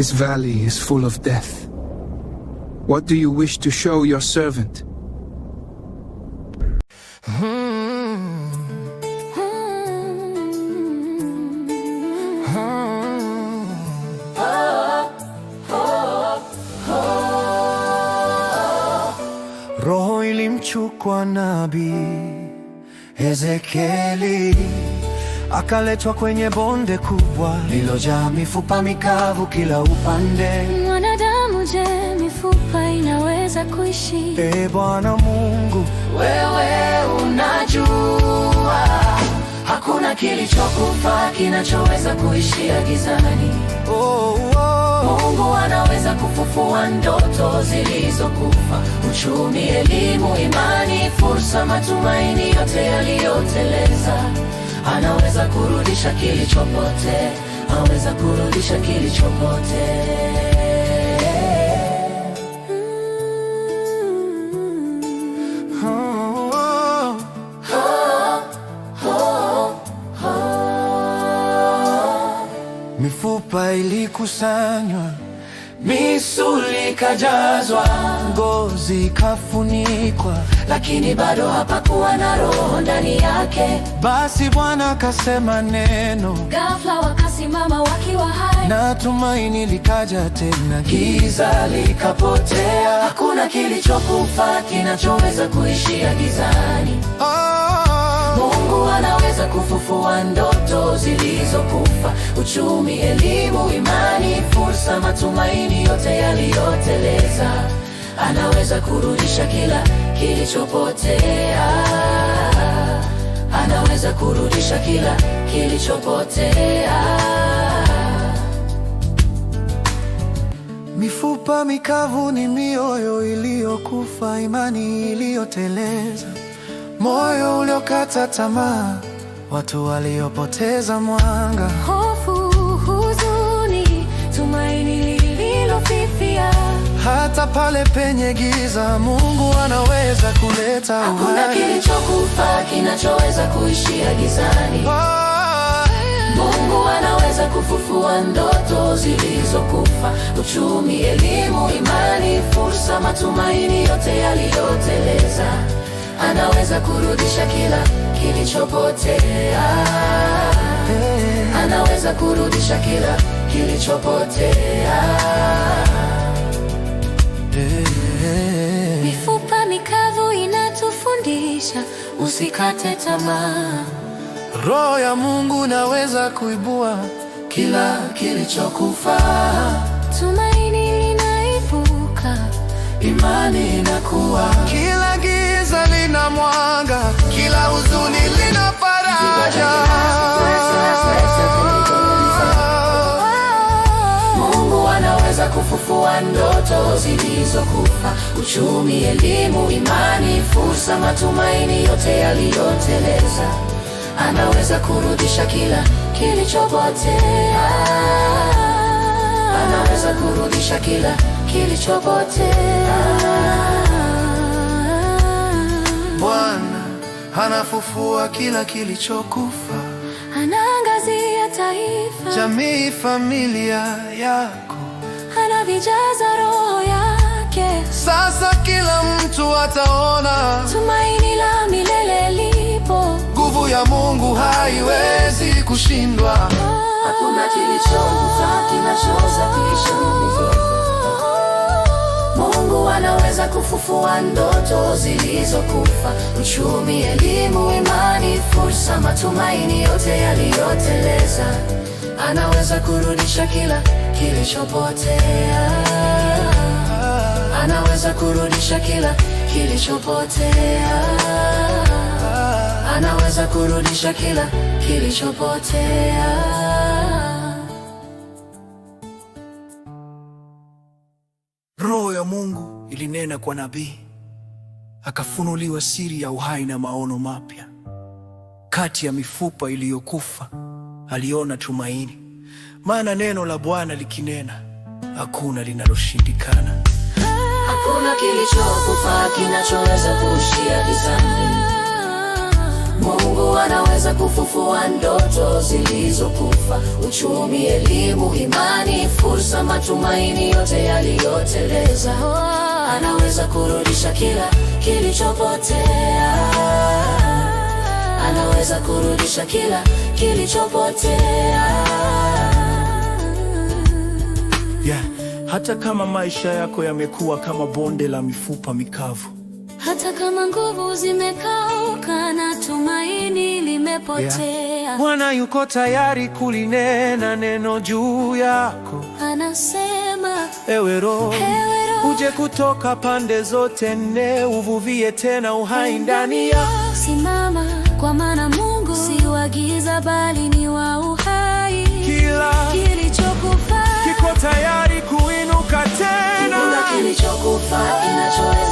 This valley is full of death. What do you wish to show your servant? akaletwa kwenye bonde kubwa lilojaa mifupa mikavu kila upande. Mwanadamu, je, mifupa inaweza kuishi? E Bwana Mungu, wewe unajua, hakuna kilichokufa kinachoweza kuishia gizani. Oh, oh. Mungu anaweza kufufua ndoto zilizokufa, uchumi, elimu, imani, fursa, matumaini yote yaliyoteleza anaweza kurudisha kilichopote, anaweza kurudisha kilichopote. Mifupa ilikusanywa, misuli ikajazwa, ngozi ikafunikwa lakini bado hapakuwa na roho ndani yake. Basi Bwana akasema neno, ghafla wakasimama wakiwa hai, na tumaini likaja tena, giza likapotea. Hakuna kilichokufa kinachoweza kuishia gizani. Oh, Mungu anaweza kufufua ndoto zilizokufa, uchumi, elimu, imani, fursa, matumaini, yote yaliyoteleza anaweza kurudisha kila kilichopotea, anaweza kurudisha kila kilichopotea. Mifupa mikavu ni mioyo iliyokufa, imani iliyoteleza, moyo uliokata tamaa, watu waliopoteza mwanga. Oh, hata pale penye giza, Mungu anaweza kuleta uhai. Hakuna kilichokufa kinachoweza kuishia gizani. Ah. Mungu anaweza kufufua ndoto zilizokufa, uchumi, elimu, imani, fursa, matumaini yote yaliyoteleza. Anaweza kurudisha kila kilichopotea. Eh. Anaweza kurudisha kila kilichopotea. kuwezesha, usikate tamaa. Roho ya Mungu naweza kuibua kila kilichokufa. Tumaini linaibuka, imani inakuwa, kila giza lina mwanga, kila huzuni lina faraja. kufufua ndoto zilizokufa, uchumi, elimu, imani, fursa, matumaini, yote yaliyoteleza. Anaweza kurudisha kila kilichopotea, anaweza kurudisha kila kilichopotea. Bwana anafufua kila kilichokufa, anaangazia taifa, jamii, familia yako anavijaza roho yake. Sasa kila mtu ataona tumaini la milele lipo, nguvu ya Mungu haiwezi kushindwa. Hakuna kilichomfa kinachoweza kisha Mungu anaweza kufufua ndoto zilizokufa, uchumi, elimu, imani, fursa, matumaini yote yaliyoteleza, anaweza kurudisha kila kilichopotea, anaweza kurudisha kila kilichopotea, anaweza kurudisha kila kilichopotea. Roho ya Mungu ilinena kwa nabii, akafunuliwa siri ya uhai na maono mapya. Kati ya mifupa iliyokufa aliona tumaini maana neno la Bwana likinena hakuna linaloshindikana. Hakuna kilichokufa kinachoweza kuushia gizani. Mungu anaweza kufufua ndoto zilizokufa, uchumi, elimu, imani, fursa, matumaini yote yaliyoteleza. Anaweza kurudisha kila kilichopotea. Anaweza kurudisha kila kilichopotea hata kama maisha yako yamekuwa kama bonde la mifupa mikavu, hata kama nguvu zimekauka na tumaini limepotea, Bwana yeah. yuko tayari kulinena neno juu yako, anasema ewe Roho uje kutoka pande zote nne, uvuvie tena uhai ndani ya simama, kwa maana Mungu si wa giza bali ni wa uhai. Kila kilichokufa kiko tayari Fucking a choice.